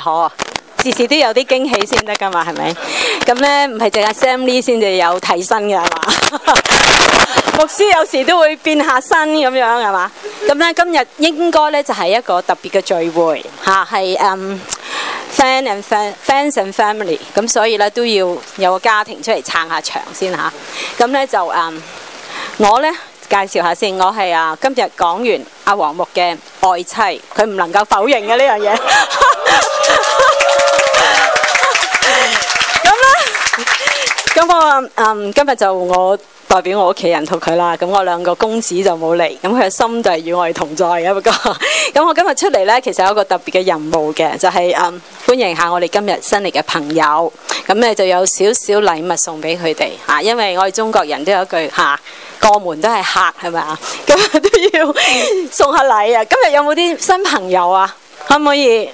好，啊，時時都有啲驚喜先得噶嘛，係咪？咁咧唔係淨係 Sam Lee 先就有睇新嘅係嘛？ 牧師有時都會變下新咁樣係嘛？咁咧今日應該咧就係一個特別嘅聚會吓，係嗯、um,，fan and fan fans and family，咁所以咧都要有個家庭出嚟撐下場先吓。咁咧就嗯，um, 我咧介紹一下先，我係啊今日講完阿、啊、黃木嘅愛妻，佢唔能夠否認嘅呢樣嘢。 咁我嗯今日就我代表我屋企人同佢啦，咁我兩個公子就冇嚟，咁佢嘅心就係與我哋同在嘅。不過，咁我今日出嚟呢，其實有一個特別嘅任務嘅，就係、是、嗯歡迎下我哋今日新嚟嘅朋友。咁咧就有少少禮物送俾佢哋啊，因為我哋中國人都有一句吓、啊、過門都係客係咪啊？咁都要、嗯、送下禮啊！今日有冇啲新朋友啊？可唔可以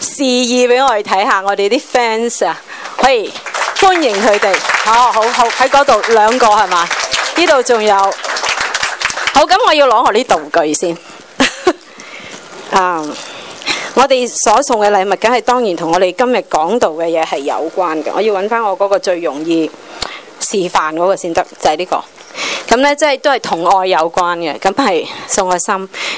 示意俾我哋睇下我哋啲 fans 啊？可以！歡迎佢哋，好好好喺嗰度兩個係嘛？呢度仲有，好，咁我要攞我啲道具先。啊，我哋所送嘅禮物梗係當然同我哋今日講到嘅嘢係有關嘅。我要揾翻我嗰個最容易示範嗰個先得，就係呢個。咁呢即係都係同愛有關嘅。咁係送個心，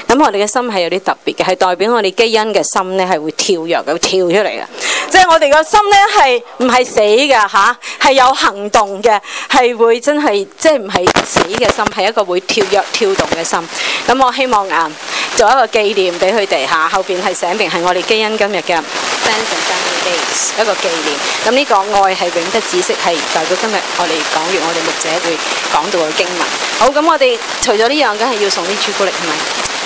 咁我哋嘅心係有啲特別嘅，係代表我哋基因嘅心呢係會跳躍嘅，跳出嚟嘅。即係我哋個心咧，係唔係死嘅吓，係、啊、有行動嘅，係會真係即係唔係死嘅心，係一個會跳躍跳動嘅心。咁我希望啊，做一個紀念俾佢哋吓，後邊係寫明係我哋基恩今日嘅 Friends and Family Day 一個紀念。咁、這、呢個愛係永不止息，係代表今日我哋講完我哋牧者會講到嘅經文。好咁，那我哋除咗呢樣，梗係要送啲朱古力，係咪？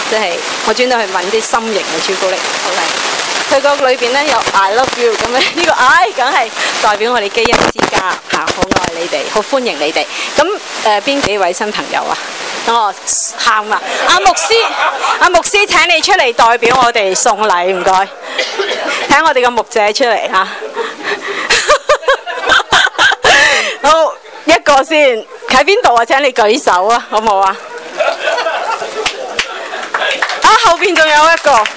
即、就、係、是、我專登去揾啲心形嘅朱古力，好、okay？佢個裏邊咧有 I love you 咁咧呢個 I，梗係代表我哋基恩之家嚇，好愛你哋，好歡迎你哋。咁誒邊幾位新朋友啊？等我，喊啊！阿牧師，阿牧師請你出嚟代表我哋送禮，唔該。請我哋個牧者出嚟嚇。好，一個先，喺邊度啊？請你舉手啊，好唔好啊？啊，後邊仲有一個。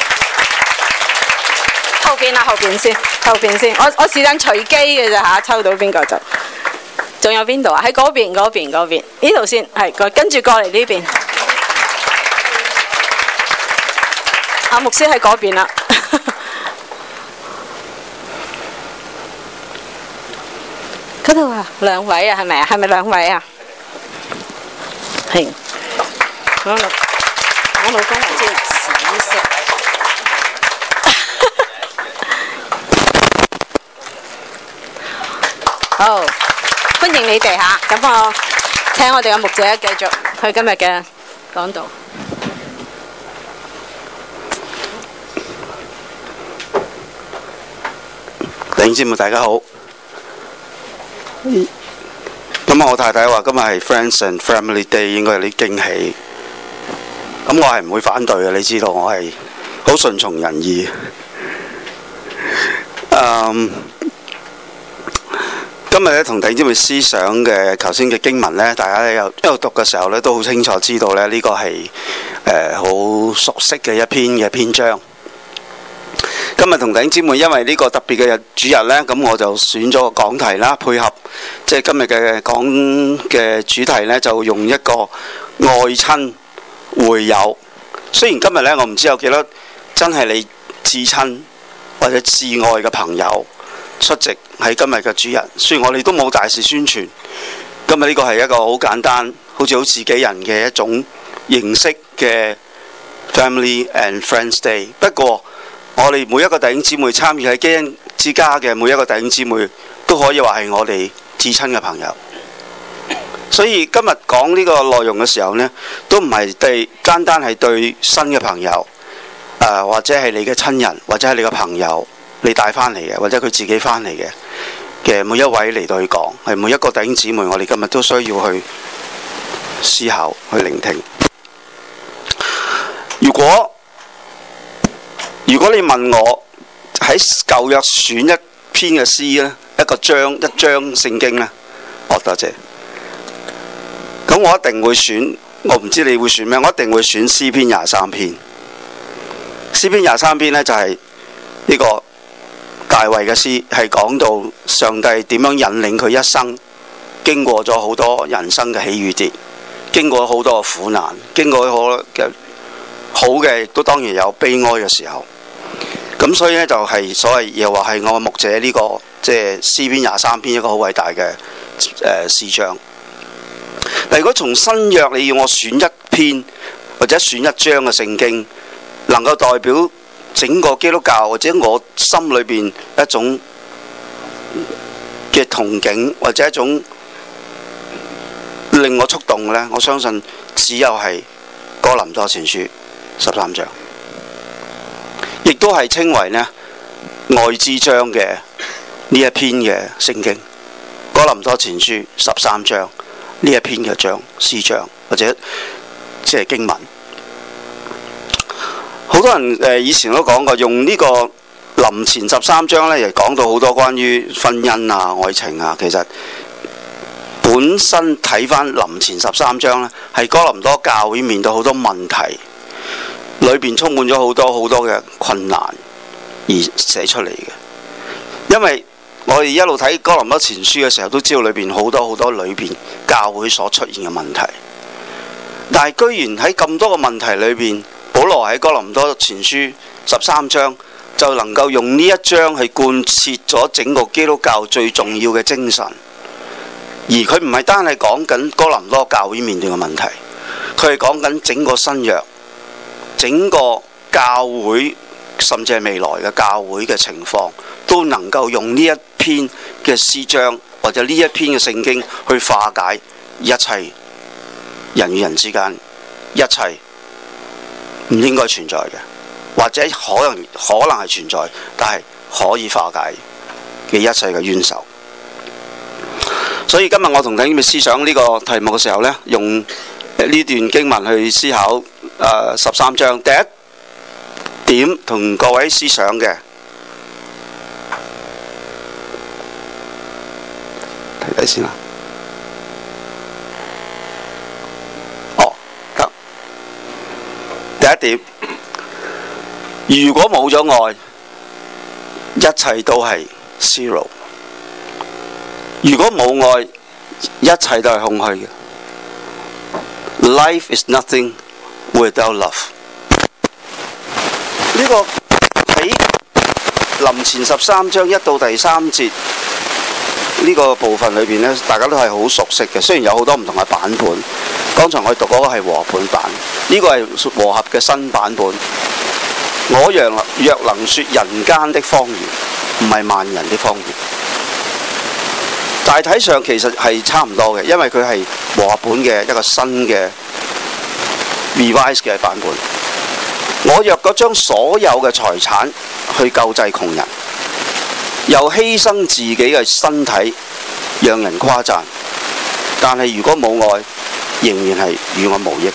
後邊啦，後邊先，後邊先，我我試下隨機嘅，咋吓，抽到邊個就，仲有邊度啊？喺嗰邊，嗰邊，嗰邊，呢度先，係過跟住過嚟呢邊。阿牧師喺嗰邊啦。嗰度啊，兩位啊，係咪啊？係咪兩位啊？係。我我老公係即係紫色。好，歡迎你哋吓。咁我請我哋嘅牧者繼續去今日嘅講道。弟兄姊妹，大家好。咁、嗯、啊，我太太話今日係 Friends and Family Day，應該有啲驚喜。咁我係唔會反對嘅，你知道我係好順從人意。Um, 今日咧同弟兄姐妹思想嘅，頭先嘅經文呢，大家又喺度讀嘅時候呢，都好清楚知道呢，呢個係誒好熟悉嘅一篇嘅篇章。今日同弟兄姐妹，因為呢個特別嘅日主日呢，咁我就選咗個講題啦，配合即係、就是、今日嘅講嘅主題呢，就用一個愛親會友。雖然今日呢，我唔知有幾多真係你至親或者至愛嘅朋友。出席係今日嘅主日，雖然我哋都冇大事宣傳，今日呢個係一個好簡單，好似好自己人嘅一種形式嘅 Family and Friends Day。不過我哋每一個弟兄姊妹參與喺基恩之家嘅每一個弟兄姊妹，都可以話係我哋至親嘅朋友。所以今日講呢個內容嘅時候咧，都唔係對單單係對新嘅朋友，誒、呃、或者係你嘅親人，或者係你嘅朋友。你帶翻嚟嘅，或者佢自己翻嚟嘅嘅每一位嚟到去講，係每一個弟兄姊妹，我哋今日都需要去思考、去聆聽。如果如果你問我喺舊約選一篇嘅詩呢，一個章一章聖經呢，哦，多謝。咁我一定會選，我唔知你會選咩，我一定會選詩篇廿三篇。詩篇廿三篇呢，就係呢個。大衛嘅詩係講到上帝點樣引領佢一生，經過咗好多人生嘅喜與跌，經過好多嘅苦難，經過好多嘅好嘅，都當然有悲哀嘅時候。咁所以呢、這個，就係所謂又話係我嘅牧者呢個，即係詩篇廿三篇一個好偉大嘅誒詩章。但如果從新約你要我選一篇或者選一章嘅聖經，能夠代表整個基督教或者我心裏邊一種嘅同境或者一種令我觸動嘅呢，我相信只有係哥林多前書十三章，亦都係稱為呢愛之章嘅呢一篇嘅聖經。哥林多前書十三章呢一篇嘅章、詩章或者即係、就是、經文。好多人誒，以前都講過，用呢個林前十三章呢，又講到好多關於婚姻啊、愛情啊。其實本身睇返林前十三章呢，係哥林多教會面對好多問題，裏邊充滿咗好多好多嘅困難而寫出嚟嘅。因為我哋一路睇哥林多前書嘅時候，都知道裏邊好多好多裏邊教會所出現嘅問題，但係居然喺咁多個問題裏邊。保羅喺哥林多前書十三章就能夠用呢一章去貫徹咗整個基督教最重要嘅精神，而佢唔係單係講緊哥林多教會面對嘅問題，佢係講緊整個新約、整個教會，甚至係未來嘅教會嘅情況，都能夠用呢一篇嘅詩章，或者呢一篇嘅聖經去化解一切，人與人之間一切。唔應該存在嘅，或者可能可能係存在，但係可以化解嘅一切嘅冤仇。所以今日我同大家思想呢個題目嘅時候咧，用呢段經文去思考。誒，十三章第一點同各位思想嘅，睇睇先啦。如果冇咗愛，一切都係 zero。如果冇愛，一切都係空虛嘅。Life is nothing without love，這個。呢個喺林前十三章一到第三節呢個部分裏邊呢，大家都係好熟悉嘅，雖然有好多唔同嘅版本。剛才我讀嗰個係和合本版，呢、這個係和合嘅新版本。我若若能說「人間的方言」，唔係萬人的方言。大體上其實係差唔多嘅，因為佢係和合本嘅一個新嘅 revise 嘅版本。我若果將所有嘅財產去救濟窮人，又犧牲自己嘅身體，讓人誇讚，但係如果冇愛。仍然係與我無益的。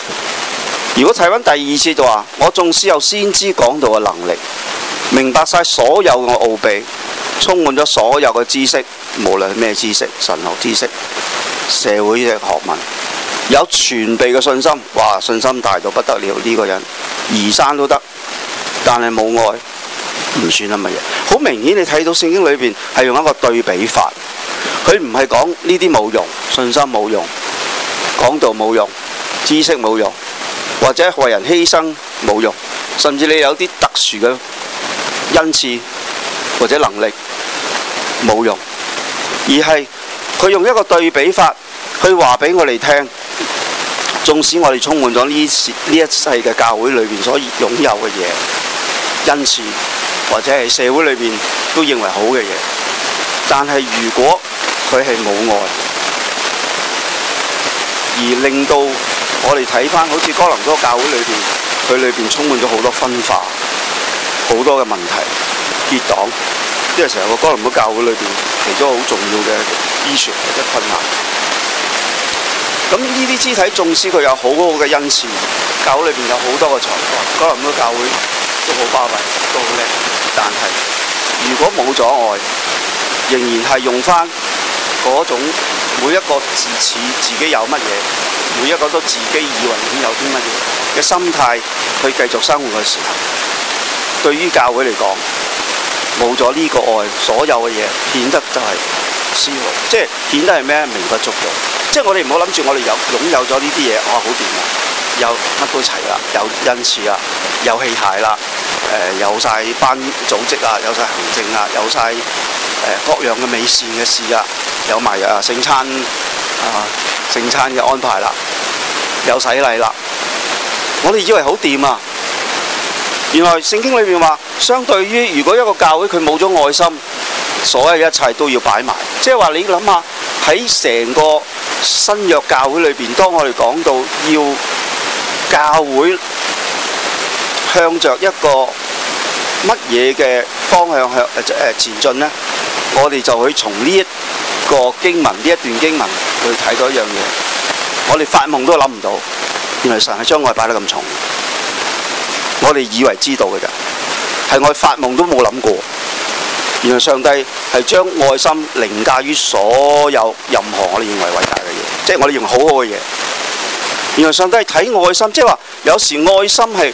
如果睇翻第二次就話，我縱使有先知講道嘅能力，明白晒所有嘅奧秘，充滿咗所有嘅知識，無論係咩知識、神學知識、社會嘅學問，有全備嘅信心，哇，信心大到不得了呢個人移山都得，但係冇愛唔算乜嘢。好明顯你睇到聖經裏邊係用一個對比法，佢唔係講呢啲冇用，信心冇用。講道冇用，知識冇用，或者為人犧牲冇用，甚至你有啲特殊嘅恩賜或者能力冇用，而係佢用一個對比法去話俾我哋聽。縱使我哋充滿咗呢呢一世嘅教會裏面所擁有嘅嘢，恩賜或者係社會裏面都認為好嘅嘢，但係如果佢係冇愛。而令到我哋睇翻，好似哥林多教會裏面，佢裏面充滿咗好多分化，好多嘅問題、結黨，呢個成日個哥林多教會裏面，其中好重要嘅 issue 一困難。咁呢啲肢體縱使佢有好多嘅恩賜，教會裏邊有好多嘅財富，哥林多教會都好巴閉，都好叻。但係如果冇阻礙，仍然係用翻。嗰種每一個自恃自己有乜嘢，每一個都自己以為已經有啲乜嘢嘅心態去繼續生活嘅時候，對於教會嚟講，冇咗呢個愛，所有嘅嘢顯得就係虛無，即係顯得係咩？微不足道。即係我哋唔好諗住我哋有擁有咗呢啲嘢，哇好掂啊，有乜都齊啦，有恩賜啦，有器械啦。誒、呃、有晒班組織啊，有晒行政啊，有晒誒各樣嘅美善嘅事啊，有埋啊聖餐啊、呃、聖餐嘅安排啦，有洗禮啦，我哋以為好掂啊，原來聖經裏面話，相對於如果一個教會佢冇咗愛心，所有一切都要擺埋，即係話你諗下喺成個新約教會裏邊，當我哋講到要教會向着一個乜嘢嘅方向向誒誒前進呢？我哋就會從呢一個經文，呢一段經文去睇到一樣嘢。我哋發夢都諗唔到，原來神係將愛擺得咁重。我哋以為知道嘅㗎，係我哋發夢都冇諗過。原來上帝係將愛心凌駕於所有任何我哋認為偉大嘅嘢，即係我哋用好好嘅嘢。原來上帝係睇愛心，即係話有時愛心係。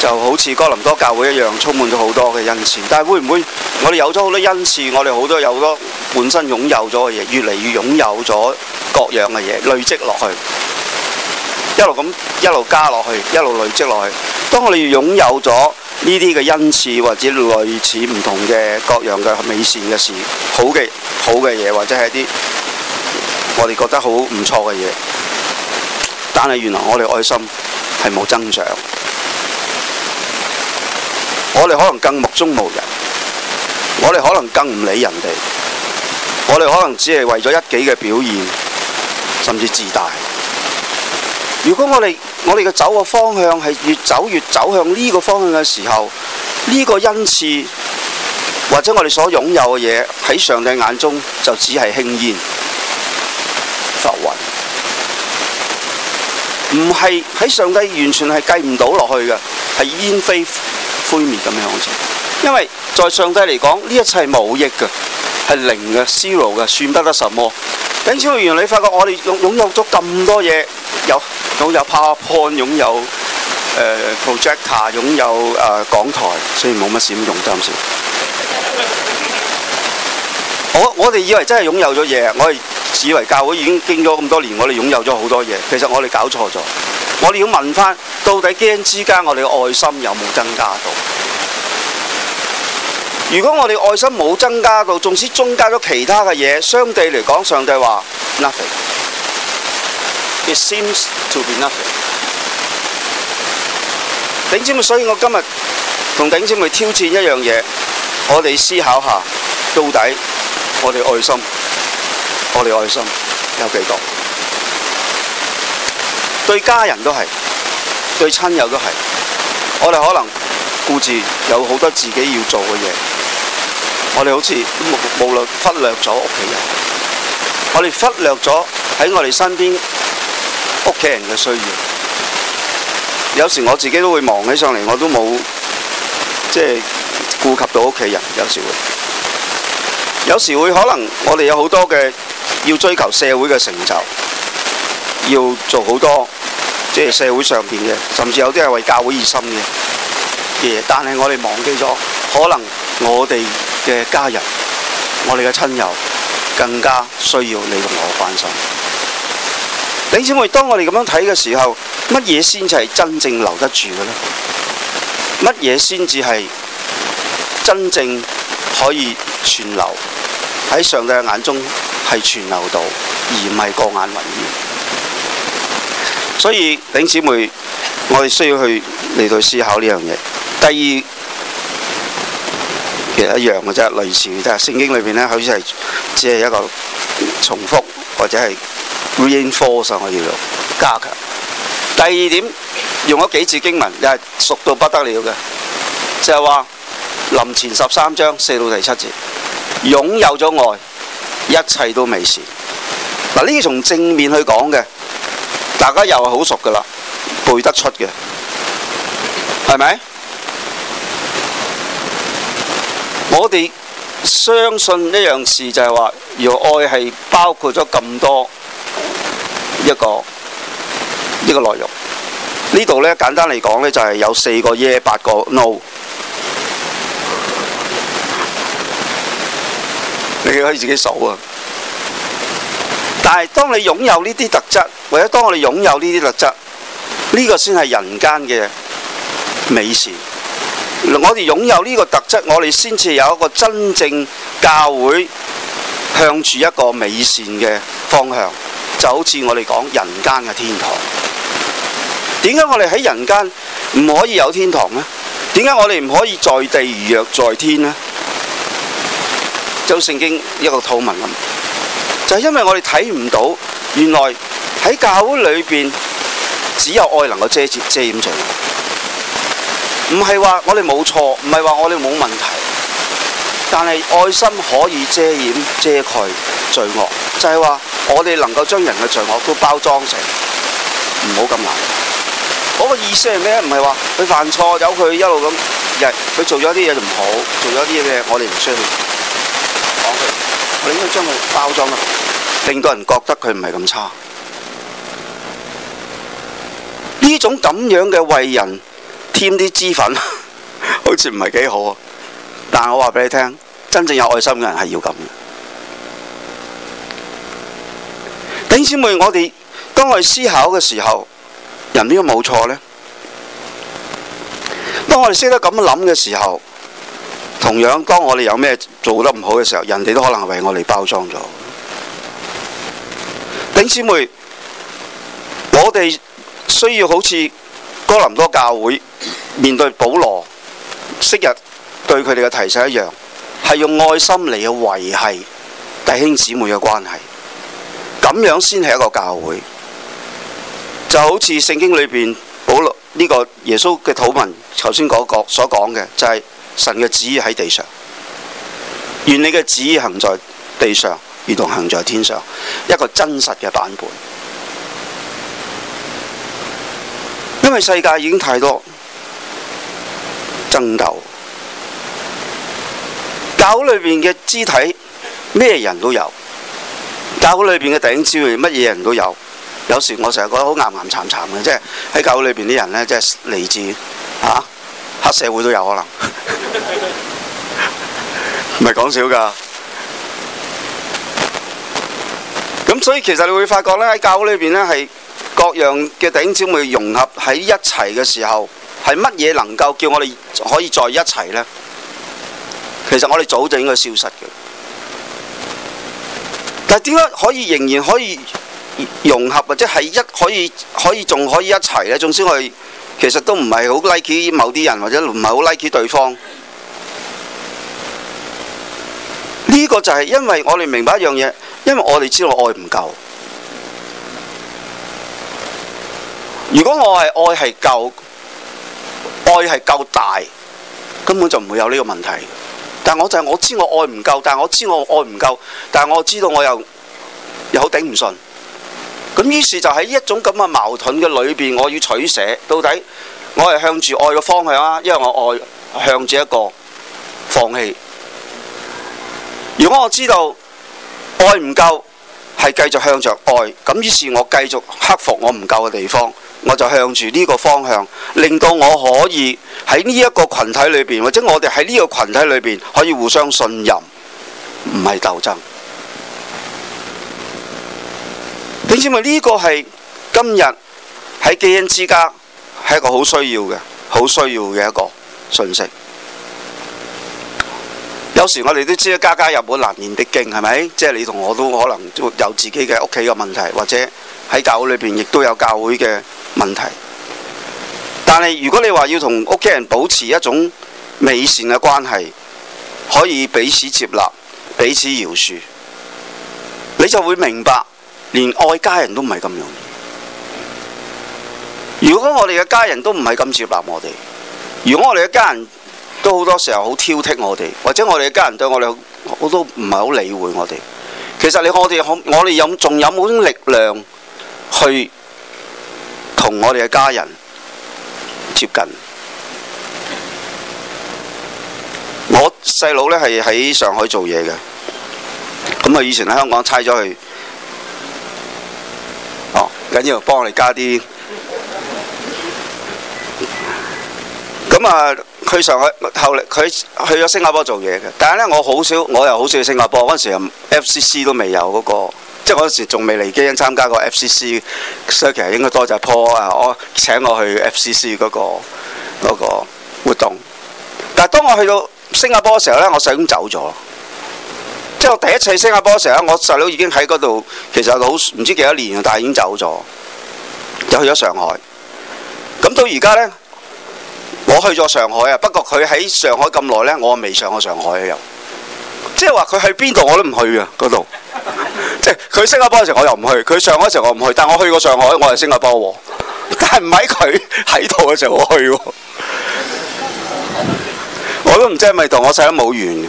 就好似哥林多教會一樣，充滿咗好多嘅恩賜。但係會唔會我哋有咗好多恩賜，我哋好多有好多本身擁有咗嘅嘢，越嚟越擁有咗各樣嘅嘢，累積落去，一路咁一路加落去，一路累積落去。當我哋擁有咗呢啲嘅恩賜或者類似唔同嘅各樣嘅美善嘅事，好嘅好嘅嘢或者係一啲我哋覺得好唔錯嘅嘢，但係原來我哋愛心係冇增長。我哋可能更目中無人，我哋可能更唔理人哋，我哋可能只係為咗一己嘅表現，甚至自大。如果我哋我哋嘅走嘅方向係越走越走向呢個方向嘅時候，呢、這個恩賜或者我哋所擁有嘅嘢喺上帝眼中就只係輕煙、浮雲，唔係喺上帝完全係計唔到落去嘅，係煙飛。灰面咁嘅行情，因為在上帝嚟講呢一切係無益嘅，係零嘅 zero 嘅，算不得什麼。緊俏員，你發覺我哋擁擁有咗咁多嘢，有有有 PowerPoint 擁有，誒、呃、projector 擁有誒講、呃、台，所以冇乜閃用，暫時。我我哋以為真係擁有咗嘢，我哋以為教會已經經咗咁多年，我哋擁有咗好多嘢，其實我哋搞錯咗。我哋要問翻，到底基恩之間，我哋嘅愛心有冇增加到？如果我哋愛心冇增加到，縱使增加咗其他嘅嘢，相對嚟講，上帝話 nothing，it seems to be nothing。頂尖，所以我今日同頂尖去挑戰一樣嘢，我哋思考下，到底我哋愛心，我哋愛心有幾多？對家人都係，對親友都係。我哋可能顧住有好多自己要做嘅嘢，我哋好似無無論忽略咗屋企人，我哋忽略咗喺我哋身邊屋企人嘅需要。有時我自己都會忙起上嚟，我都冇即係顧及到屋企人。有時會，有時會可能我哋有好多嘅要追求社會嘅成就，要做好多。即係社會上面嘅，甚至有啲係為教會而心嘅，但係我哋忘記咗，可能我哋嘅家人、我哋嘅親友更加需要你同我關心。李姊妹，當我哋咁樣睇嘅時候，乜嘢先至係真正留得住嘅呢？乜嘢先至係真正可以存留喺上帝嘅眼中係存留到，而唔係過眼雲煙。所以，弟兄姊妹，我哋需要去嚟到思考呢樣嘢。第二，其實一樣嘅啫，類似嘅啫。聖經裏邊咧，好似係只係一個重複或者係 reinforce 啊，我叫做加強。第二點，用咗幾節經文又係熟到不得了嘅，就係話林前十三章四到第七節，擁有咗愛，一切都未事。嗱，呢啲從正面去講嘅。大家又係好熟㗎啦，背得出嘅，係咪？我哋相信一樣事就係話，要愛係包括咗咁多一個一個內容，呢度咧簡單嚟講咧就係有四個耶、yeah，八個 no，你可以自己數啊。但係，當你擁有呢啲特質，或者當我哋擁有呢啲特質，呢個先係人間嘅美善。我哋擁有呢個特質，我哋先至有一個真正教會向住一個美善嘅方向，就好似我哋講人間嘅天堂。點解我哋喺人間唔可以有天堂呢？點解我哋唔可以在地如若在天呢？就聖經一個套文咁。就係、是、因為我哋睇唔到，原來喺教會裏邊只有愛能夠遮遮掩罪惡，唔係話我哋冇錯，唔係話我哋冇問題，但係愛心可以遮掩遮蓋罪惡，就係、是、話我哋能夠將人嘅罪惡都包裝成唔好咁難。我、那個意思係咩？唔係話佢犯錯，由佢一路咁，係佢做咗啲嘢就唔好，做咗啲嘢我哋唔需要講佢。Okay. 我應該將佢包裝啊，令到人覺得佢唔係咁差。呢種咁樣嘅為人添啲脂粉，好似唔係幾好啊。但係我話俾你聽，真正有愛心嘅人係要咁嘅。等小妹，我哋當我哋思考嘅時候，人邊個冇錯咧？當我哋識得咁諗嘅時候。同樣，當我哋有咩做得唔好嘅時候，人哋都可能係為我哋包裝咗。弟兄姊妹，我哋需要好似哥林多教會面對保羅昔日對佢哋嘅提醒一樣，係用愛心嚟去維係弟兄姊妹嘅關係。咁樣先係一個教會。就好似聖經裏邊保羅呢、這個耶穌嘅土文，頭先嗰個所講嘅就係、是。神嘅旨意喺地上，願你嘅旨意行在地上，如同行在天上，一個真實嘅版本。因為世界已經太多爭鬥，教會裡邊嘅肢體咩人都有，教會裡邊嘅弟兄姊妹乜嘢人都有。有時我成日覺得好岩岩慘慘嘅，即係喺教會裡邊啲人咧，即係嚟自吓、啊、黑社會都有可能。唔係講笑噶，咁所以其實你會發覺呢，喺教會裏邊呢係各樣嘅弟兄姊妹融合喺一齊嘅時候，係乜嘢能夠叫我哋可以在一齊呢？其實我哋早就應該消失嘅，但係點解可以仍然可以融合或者係一可以可以仲可以一齊呢？總之我哋其實都唔係好 like 某啲人，或者唔係好 like 對方。呢個就係因為我哋明白一樣嘢，因為我哋知道愛唔夠。如果我係愛係夠，愛係夠大，根本就唔會有呢個問題。但我就係我知道我愛唔夠，但係我知我愛唔夠，但係我知道我又又好頂唔順。咁於是就喺一種咁嘅矛盾嘅裏邊，我要取捨。到底我係向住愛嘅方向啊？因為我愛向住一個放棄。如果我知道愛唔夠，係繼續向着愛，咁於是，我繼續克服我唔夠嘅地方，我就向住呢個方向，令到我可以喺呢一個群體裏邊，或者我哋喺呢個群體裏邊可以互相信任，唔係鬥爭。點知咪呢個係今日喺基恩之家係一個好需要嘅、好需要嘅一個信息。有時我哋都知，家家有本難言的經，係咪？即係你同我都可能有自己嘅屋企嘅問題，或者喺教會裏邊亦都有教會嘅問題。但係如果你話要同屋企人保持一種美善嘅關係，可以彼此接納、彼此饒恕，你就會明白，連愛家人都唔係咁容易。如果我哋嘅家人都唔係咁接納我哋，如果我哋嘅家人，都好多時候好挑剔我哋，或者我哋嘅家人對我哋，我都唔係好理會我哋。其實你我哋我我哋有仲有冇啲力量去同我哋嘅家人接近？我細佬咧係喺上海做嘢嘅，咁啊以前喺香港差咗去，哦緊要幫我哋加啲，咁啊。去上海後嚟，佢去咗新加坡做嘢嘅。但係咧，我好少，我又好少去新加坡。嗰陣時又 FCC 都未有嗰個，即係嗰陣時仲未嚟基恩參加過 FCC，所以其實應該多謝 Paul 啊，我請我去 FCC 嗰個嗰個活動。但係當我去到新加坡嘅時候咧，我細佬走咗。即係我第一次去新加坡嘅時候咧，我細佬已經喺嗰度，其實好唔知幾多年，但係已經走咗，就去咗上海。咁到而家咧。我去咗上海啊，不過佢喺上海咁耐呢，我未上過上海啊。又，即係話佢去邊度我都唔去啊嗰度，即係佢新加坡嘅時候我又唔去，佢上海嘅時候我唔去，但係我去過上海，我係新加坡喎，但係唔係佢喺度嘅時候我去喎， 我都唔知係咪同我細佬冇緣。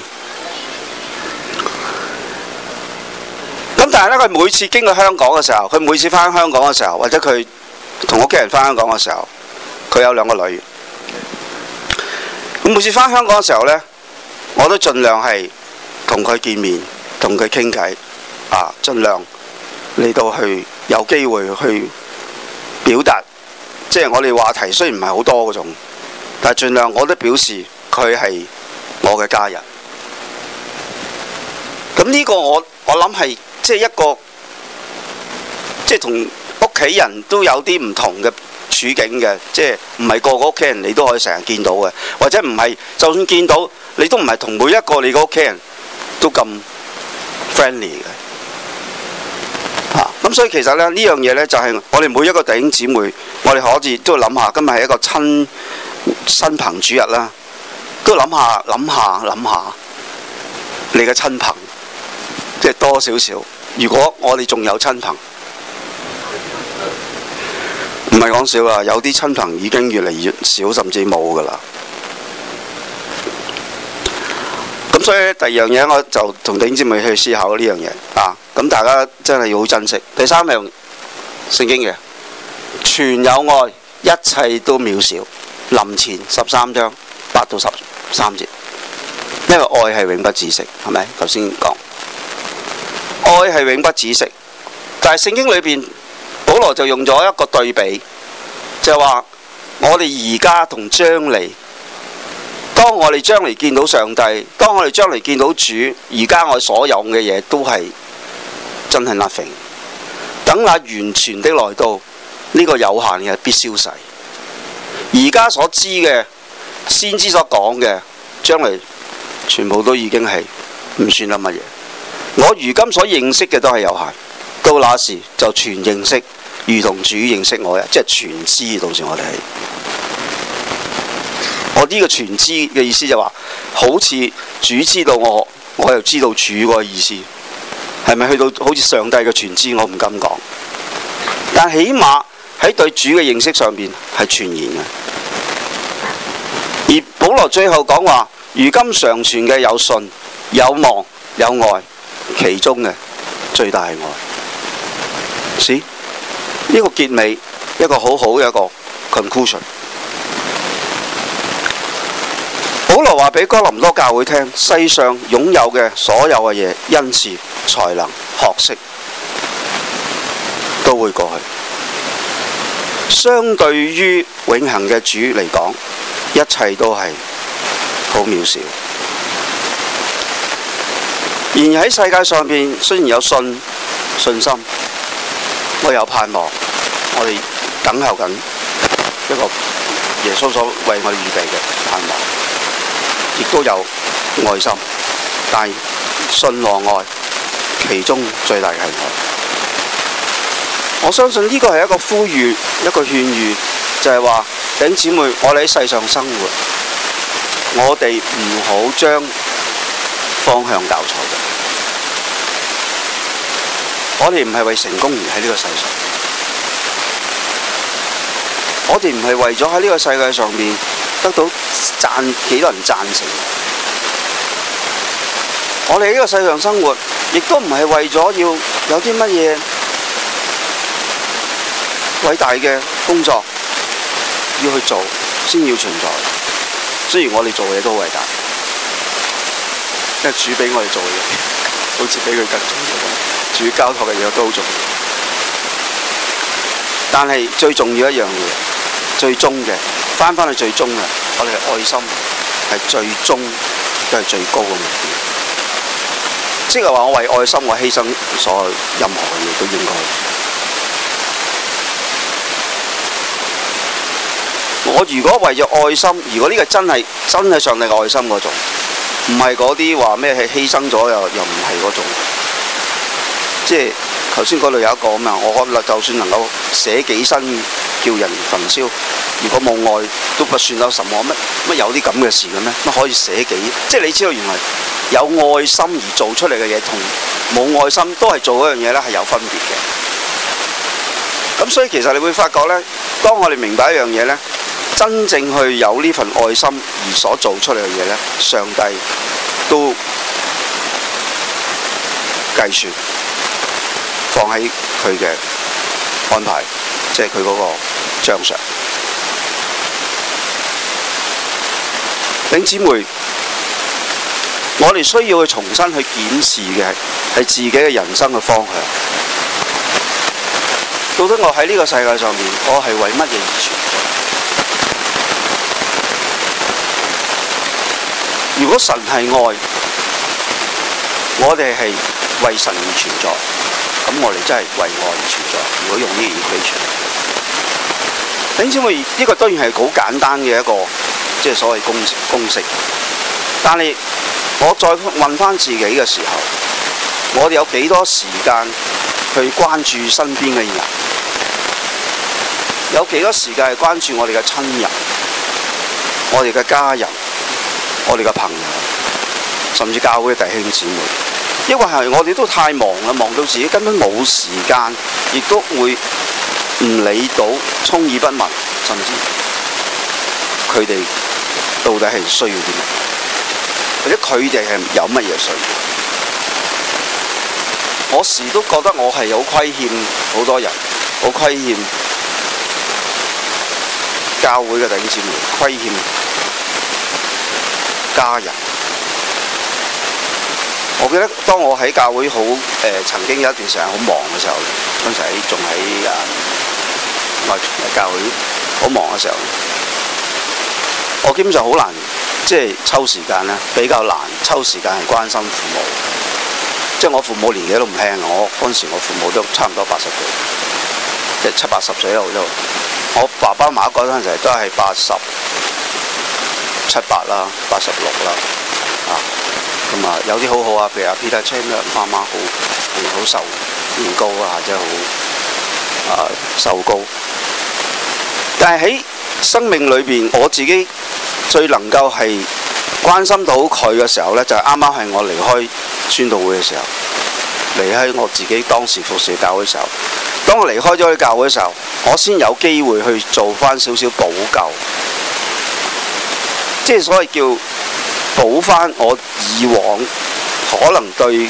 咁但係呢，佢每次經過香港嘅時候，佢每次翻香港嘅時候，或者佢同屋企人翻香港嘅時候，佢有兩個女兒。我每次翻香港嘅時候咧，我都盡量係同佢見面，同佢傾偈啊，儘量嚟到去有機會去表達，即係我哋話題雖然唔係好多嗰種，但係儘量我都表示佢係我嘅家人。咁呢個我我諗係即係一個即係同屋企人都有啲唔同嘅。主處嘅，即係唔係個個屋企人，你都可以成日見到嘅，或者唔係，就算見到你都唔係同每一個你個屋企人都咁 friendly 嘅。吓、啊，咁所以其實咧呢樣嘢，咧就係我哋每一個弟兄姊妹，我哋可以都諗下，今日係一個親親朋主日啦，都諗下諗下諗下你嘅親朋，即係多少少，如果我哋仲有親朋。唔係講少啦，有啲親朋已經越嚟越少，甚至冇噶啦。咁所以第二樣嘢，我就同弟兄姐妹去思考呢樣嘢啊。咁大家真係要好珍惜。第三樣聖經嘅全有愛，一切都渺小。林前十三章八到十三節，因為愛係永不止息，係咪？頭先講愛係永不止息，但係聖經裏邊。就用咗一個對比，就話我哋而家同將來，當我哋將來見到上帝，當我哋將來見到主，而家我所有嘅嘢都係真係 nothing。等那完全的來到，呢個有限嘅必消逝。而家所知嘅先知所講嘅，將來全部都已經係唔算啦乜嘢。我如今所認識嘅都係有限，到那時就全認識。如同主認識我嘅，即係全知，到時我哋我呢個全知嘅意思就話、是，好似主知道我，我又知道主個意思，係咪去到好似上帝嘅全知？我唔敢講，但起碼喺對主嘅認識上邊係全然嘅。而保羅最後講話：如今常存嘅有信、有望、有愛，其中嘅最大係愛。See? 呢個結尾一個好好嘅一個 conclusion。保羅話俾哥林多教會聽：世上擁有嘅所有嘅嘢，因此才能學識，都會過去。相對於永恒嘅主嚟講，一切都係好渺小。然而喺世界上邊，雖然有信信心。有盼望，我哋等候緊一個耶穌所為我預備嘅盼望，亦都有愛心，但係信望愛其中最大嘅係愛。我相信呢個係一個呼籲，一個勸喻，就係話，弟兄姊妹，我哋喺世上生活，我哋唔好將方向搞錯咗。我哋唔係為成功而喺呢個世上，我哋唔係為咗喺呢個世界上面得到幾多人贊成。我哋喺呢個世上生活，亦都唔係為咗要有啲乜嘢偉大嘅工作要去做先要存在。雖然我哋做嘢都好偉大，即係主俾我哋做嘢，好似俾佢更重要。與交託嘅嘢都好重要，但係最重要一樣嘢，最終嘅翻翻去最終嘅，我哋嘅愛心係最終都係最高嘅目標。即係話我為愛心，我犧牲所有任何嘅嘢都應該。我如果為咗愛心，如果呢個真係真係上帝愛心嗰種，唔係嗰啲話咩係犧牲咗又又唔係嗰種。即係頭先嗰度有一個咁啊，我可能就算能夠寫幾身叫人焚燒，如果冇愛都不算有什麼乜乜有啲咁嘅事嘅咩？乜可以寫幾？即係你知道原來有愛心而做出嚟嘅嘢，同冇愛心都係做一樣嘢咧，係有分別嘅。咁所以其實你會發覺咧，當我哋明白一樣嘢咧，真正去有呢份愛心而所做出嚟嘅嘢咧，上帝都計算。放喺佢嘅安排，即係佢嗰個張上，弟兄姊妹，我哋需要去重新去檢視嘅係自己嘅人生嘅方向。到底我喺呢個世界上面，我係為乜嘢而存在？如果神係愛，我哋係為神而存在。咁我哋真係為愛而存在。如果用呢個規矩，因先我呢個當然係好簡單嘅一個，即係所謂公式公式。但係我再問翻自己嘅時候，我哋有幾多時間去關注身邊嘅人？有幾多時間係關注我哋嘅親人、我哋嘅家人、我哋嘅朋友，甚至教會弟兄姊妹？因為係我哋都太忙啦，忙到自己根本冇時間，亦都會唔理到，充耳不聞，甚至佢哋到底係需要啲乜，或者佢哋係有乜嘢需要，我時都覺得我係有虧欠好多人，好虧欠教會嘅弟兄姊妹，虧欠家人。我記得當我喺教會好誒、呃，曾經有一段時間好忙嘅時候，嗰陣時仲喺啊，教會好忙嘅時候，我基本上好難即係、就是、抽時間咧，比較難抽時間係關心父母。即、就、係、是、我父母年紀都唔輕，我嗰陣時我父母都差唔多八十歲，七八十歲都好多。7, 8, 14, 我爸爸媽媽嗰陣時都係八十七八啦，八十六啦啊。咁啊，有啲好好啊，譬如阿 Peter Chan 咧，啱啱好，好瘦，唔高啊，即係好啊瘦高。但係喺生命裏邊，我自己最能夠係關心到佢嘅時候咧，就係啱啱係我離開宣道會嘅時候，離開我自己當時服侍教會嘅時候。當我離開咗啲教會嘅時候，我先有機會去做翻少少補救，即係所謂叫。補翻我以往可能對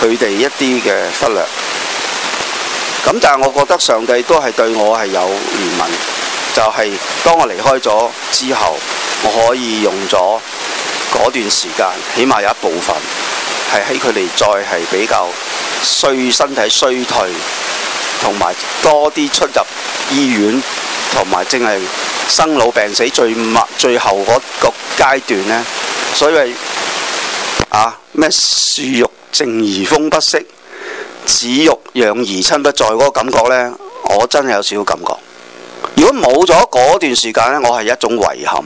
佢哋一啲嘅忽略。咁但係我覺得上帝都係對我係有憐憫，就係、是、當我離開咗之後，我可以用咗嗰段時間，起碼有一部分係喺佢哋再係比較衰身體衰退，同埋多啲出入醫院。同埋，正係生老病死最末、最後嗰個階段呢，所以啊，咩樹欲靜而風不息，子欲養而親不在嗰個感覺呢，我真係有少少感覺。如果冇咗嗰段時間呢，我係一種遺憾。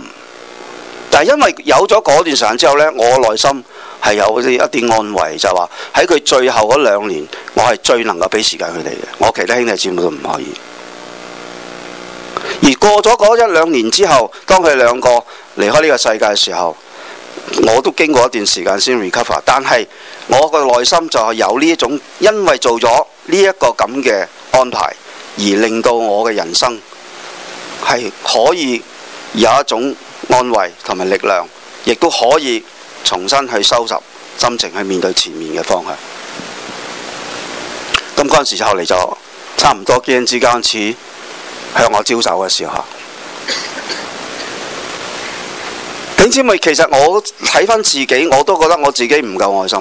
但係因為有咗嗰段時間之後呢，我內心係有啲一啲安慰，就係話喺佢最後嗰兩年，我係最能夠俾時間佢哋嘅。我其他兄弟姊妹都唔可以。而過咗嗰一兩年之後，當佢兩個離開呢個世界嘅時候，我都經過一段時間先 recover，但係我嘅內心就係有呢一種，因為做咗呢一個咁嘅安排，而令到我嘅人生係可以有一種安慰同埋力量，亦都可以重新去收拾心情去面對前面嘅方向。咁嗰陣時後嚟就差唔多見之間似。向我招手嘅時候，弟兄姊妹，其實我睇返自己，我都覺得我自己唔夠愛心。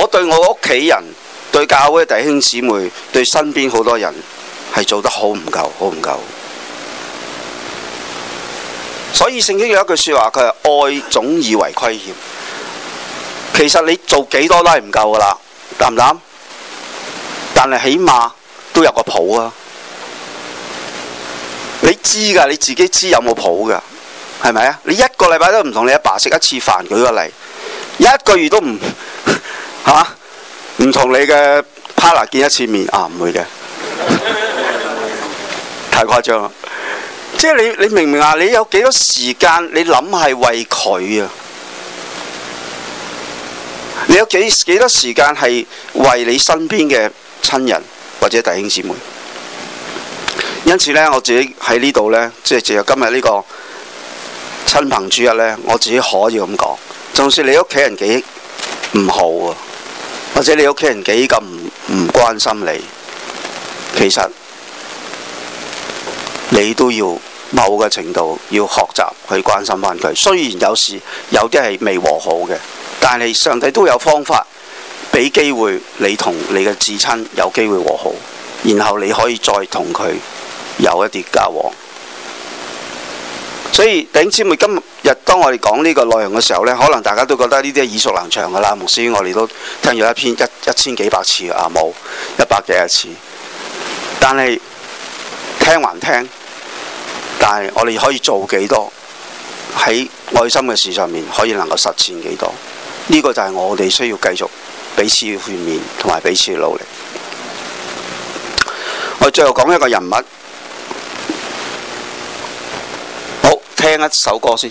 我對我屋企人、對教會嘅弟兄姊妹、對身邊好多人，係做得好唔夠，好唔夠。所以聖經有一句說話，佢話愛總以為虧欠。其實你做幾多都係唔夠噶啦，得唔得？但係起碼，都有個譜啊！你知㗎，你自己知有冇譜㗎？係咪啊？你一個禮拜都唔同你阿爸食一次飯，舉個例，一個月都唔吓？唔、啊、同你嘅 partner 見一次面啊！唔會嘅， 太誇張啦！即係你你明唔明啊，你有幾多時間？你諗係為佢啊？你有幾幾多時間係為你身邊嘅親人？或者弟兄姊妹，因此呢，我自己喺呢度呢，即係借今日呢個親朋主日呢，我自己可以咁講，就算你屋企人幾唔好啊，或者你屋企人幾咁唔關心你，其實你都要某個程度要學習去關心翻佢。雖然有時有啲係未和好嘅，但係上帝都有方法。俾機會你同你嘅至親有機會和好，然後你可以再同佢有一啲交往。所以弟兄姊妹，今日當我哋講呢個內容嘅時候呢，可能大家都覺得呢啲係耳熟能詳㗎喇。牧師，我哋都聽咗一篇一一千幾百次啊，冇、啊、一百幾百次，但係聽還聽，但係我哋可以做幾多，喺愛心嘅事上面可以能夠實踐幾多呢，呢個就係我哋需要繼續彼此嘅勵勉同埋彼此嘅努力。我最後講一個人物好，好聽一首歌先。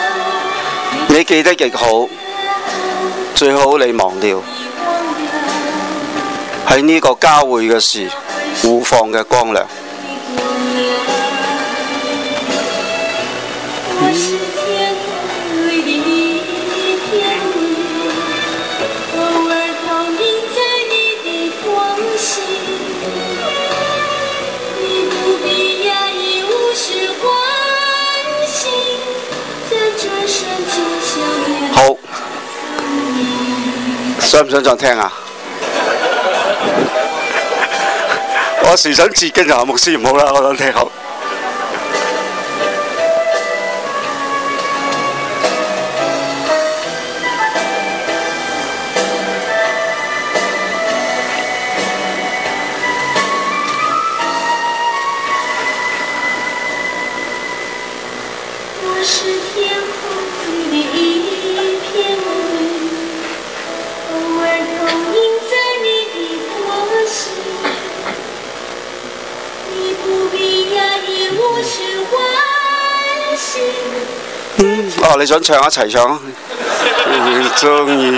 你記得極好，最好你忘掉，喺呢個交匯嘅時，互放嘅光亮。想唔想再聽啊？ 我時想自己就牧師唔好啦，我想聽好。哦、你想唱，一齊唱？你中意？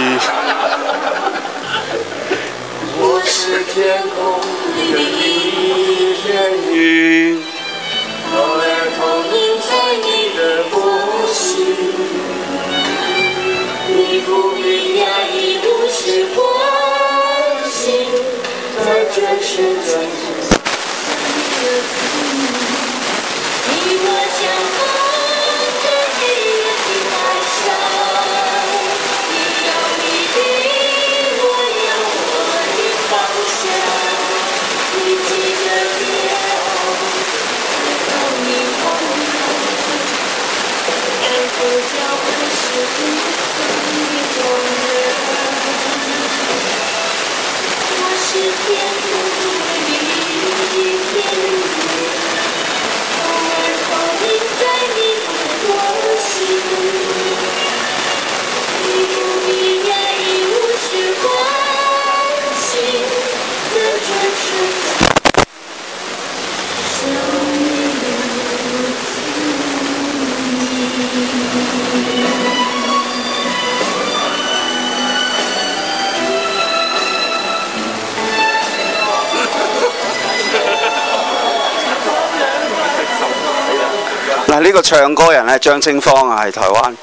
呢、這個唱歌人係張清芳啊，係台灣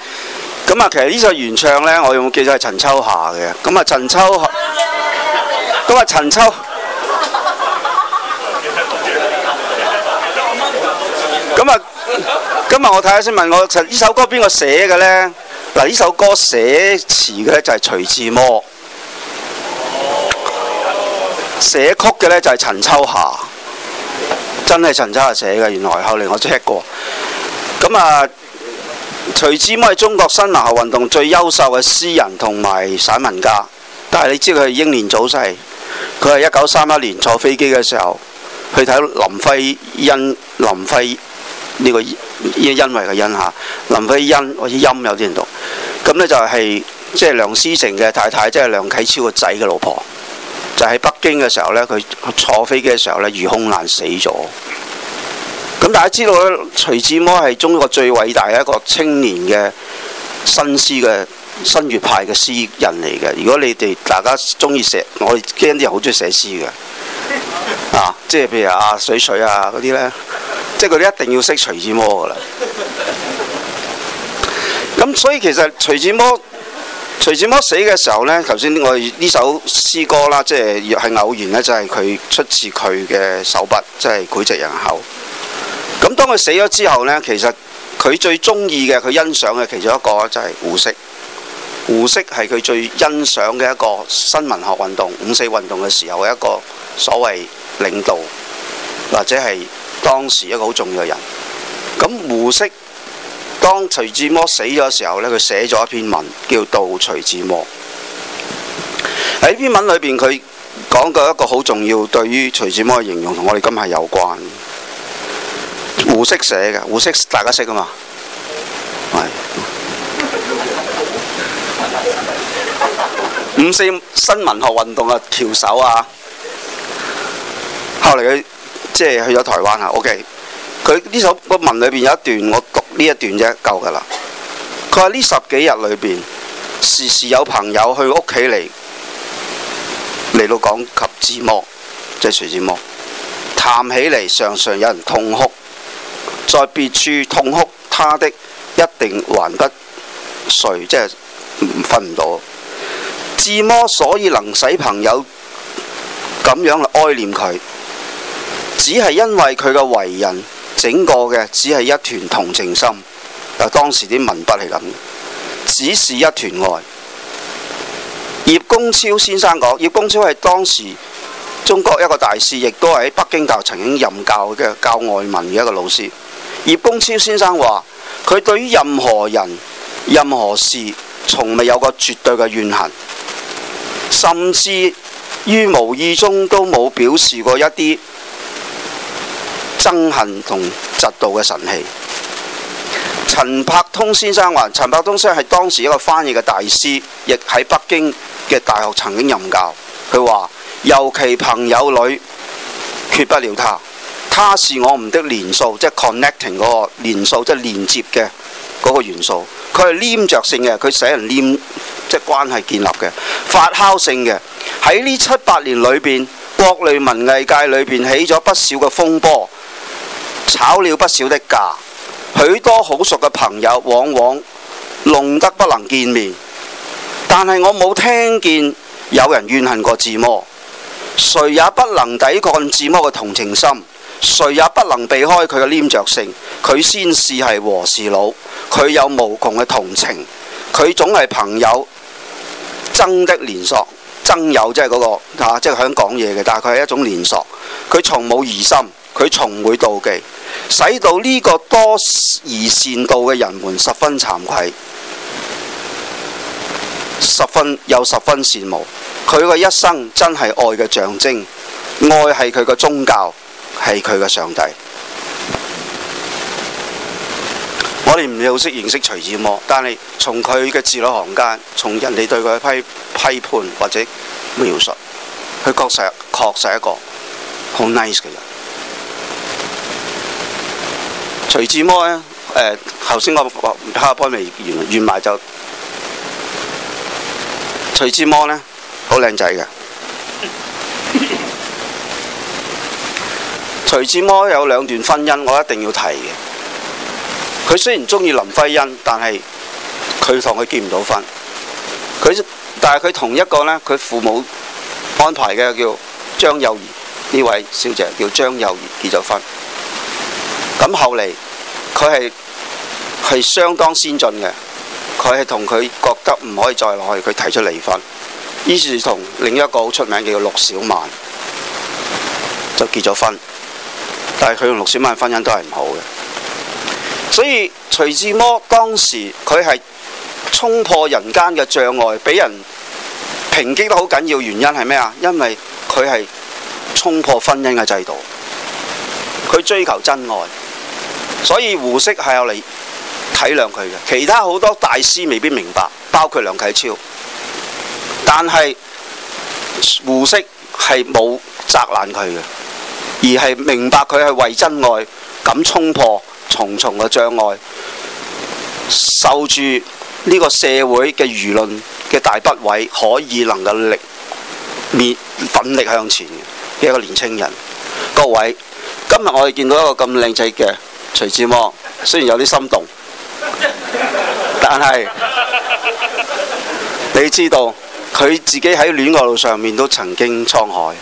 咁啊。其實呢首原唱咧，我有冇記咗係陳秋霞嘅咁啊。陳秋咁啊。陳秋咁啊。 陳秋 今日我睇下先問我，其實呢首歌邊個寫嘅咧？嗱，呢首歌寫詞嘅咧就係徐志摩， 寫曲嘅咧就係陳秋霞，真係陳秋霞寫嘅。原來後嚟我 check 過。咁啊，徐志摩係中國新文學運動最優秀嘅詩人同埋散文家，但係你知佢係英年早逝。佢係一九三一年坐飛機嘅時候，去睇林徽因。林徽呢個因為嘅因嚇，林徽因好似音有啲人讀。咁呢就係即係梁思成嘅太太，即係梁啟超個仔嘅老婆。就喺北京嘅時候呢，佢坐飛機嘅時候呢，遇空難死咗。咁大家知道咧，徐志摩係中國最偉大嘅一個青年嘅新詩嘅新月派嘅詩人嚟嘅。如果你哋大家中意寫，我哋驚啲人好中意寫詩嘅 啊，即係譬如啊水水啊嗰啲咧，即係佢哋一定要識徐志摩噶啦。咁 所以其實徐志摩徐志摩死嘅時候咧，頭先我哋呢首詩歌啦，即係若偶然咧，就係佢出自佢嘅手筆，即係膾炙人口。咁當佢死咗之後呢，其實佢最中意嘅，佢欣賞嘅其中一個就係胡適。胡適係佢最欣賞嘅一個新文學運動、五四運動嘅時候嘅一個所謂領導，或者係當時一個好重要嘅人。咁胡適當徐志摩死咗時候呢，佢寫咗一篇文叫《悼徐志摩》。喺篇文裏邊，佢講過一個好重要對於徐志摩嘅形容，同我哋今日有關。胡適寫嘅胡適，大家識噶嘛？ 五四新文學運動啊，翹手啊！後嚟佢即係去咗台灣啊。OK，佢呢首個文裏邊有一段，我讀呢一段啫，夠噶啦。佢話呢十幾日裏邊，時時有朋友去屋企嚟，嚟到講及志摩，即、就、係、是、徐志摩，談起嚟常常有人痛哭。在別處痛哭，他的一定還不誰，即係分唔到。志摩所以能使朋友咁樣嚟哀念佢，只係因為佢嘅為人整個嘅只係一團同情心。但當時啲文筆係咁，只是一團愛。葉公超先生講，葉公超係當時中國一個大師，亦都係喺北京大學曾經任教嘅教外文嘅一個老師。葉公超先生話：佢對於任何人、任何事，從未有過絕對嘅怨恨，甚至於無意中都冇表示過一啲憎恨同嫉妒嘅神氣。陳柏通先生話：陳柏通先生係當時一個翻譯嘅大師，亦喺北京嘅大學曾經任教。佢話：尤其朋友裏缺不了他。他是我們的年數，即係 connecting 嗰個連數，即係連接嘅嗰個元素。佢係黏著性嘅，佢使人黏，即係關係建立嘅發酵性嘅。喺呢七八年裏面，國內文藝界裏面起咗不少嘅風波，炒了不少的架，許多好熟嘅朋友往往弄得不能見面。但係我冇聽見有人怨恨過字魔，誰也不能抵抗字魔嘅同情心。誰也不能避開佢嘅黏着性，佢先試係和事佬，佢有無窮嘅同情，佢總係朋友爭的連鎖爭有即係嗰個啊，即係想講嘢嘅，但係佢係一種連鎖，佢從冇疑心，佢從唔會妒忌，使到呢個多疑善妒嘅人們十分慚愧，十分又十分羨慕，佢嘅一生真係愛嘅象徵，愛係佢嘅宗教。係佢嘅上帝。我哋唔係好識認識徐志摩，但係從佢嘅字裏行間，從人哋對佢嘅批批判，或者描述，佢確實確實一個好 nice 嘅人。徐志摩呢？誒、呃，頭先我話 party 未完完埋就徐志摩呢？好靚仔嘅。徐志摩有兩段婚姻，我一定要提嘅。佢雖然中意林徽因，但係佢同佢結唔到婚。佢但係佢同一個呢，佢父母安排嘅叫張幼儀呢位小姐，叫張幼儀結咗婚。咁後嚟佢係係相當先進嘅，佢係同佢覺得唔可以再落去，佢提出離婚，於是同另一個好出名叫做陸小曼就結咗婚。但係佢同陸小曼嘅婚姻都係唔好嘅，所以徐志摩當時佢係衝破人間嘅障礙，俾人抨擊得好緊要。原因係咩啊？因為佢係衝破婚姻嘅制度，佢追求真愛，所以胡適係有嚟體諒佢嘅。其他好多大師未必明白，包括梁啟超，但係胡適係冇責難佢嘅。而係明白佢係為真愛，敢衝破重重嘅障礙，受住呢個社會嘅輿論嘅大不韙，可以能夠力面奮力向前嘅一個年輕人。各位，今日我哋見到一個咁靚仔嘅徐志摩，雖然有啲心動，但係你知道佢自己喺戀愛路上面都曾經滄海。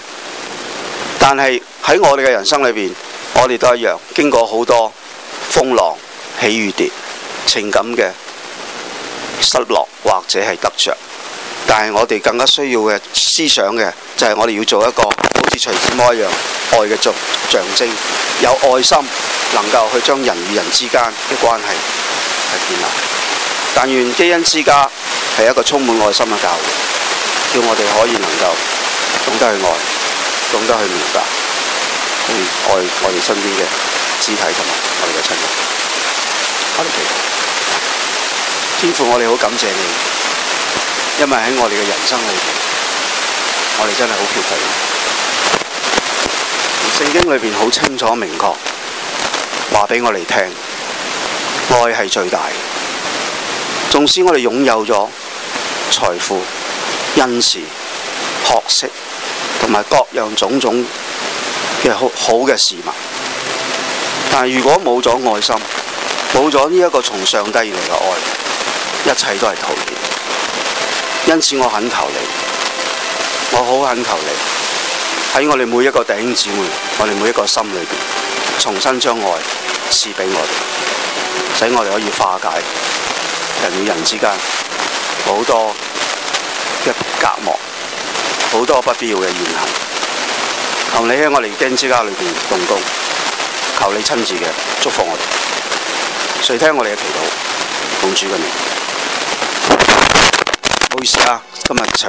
但係喺我哋嘅人生裏面，我哋都一樣經過好多風浪、喜與跌、情感嘅失落或者係得着。但係我哋更加需要嘅思想嘅就係我哋要做一個好似徐志摩一樣愛嘅象象徵，有愛心能夠去將人與人之間嘅關係去建立。但願基恩之家係一個充滿愛心嘅教育，叫我哋可以能夠懂得去愛。懂得去明白，我哋愛我哋身邊嘅肢體同埋我哋嘅親人。天父，我哋好感謝你，因為喺我哋嘅人生裏邊，我哋真係好缺乏。聖經裏邊好清楚明確話俾我哋聽，愛係最大。縱使我哋擁有咗財富、恩賜、學識。同埋各樣種種嘅好好嘅事物，但係如果冇咗愛心，冇咗呢一個從上帝而嚟嘅愛，一切都係徒然。因此我懇求你，我好懇求你，喺我哋每一個弟兄姊妹，我哋每一個心裏邊，重新將愛賜俾我哋，使我哋可以化解人與人之間好多嘅隔膜。好多不必要嘅怨恨，求你喺我哋釘之家基恩之家裏邊動工，求你親自嘅祝福我哋，垂聽我哋嘅祈禱，奉主嘅名，唔好意思啊，今日。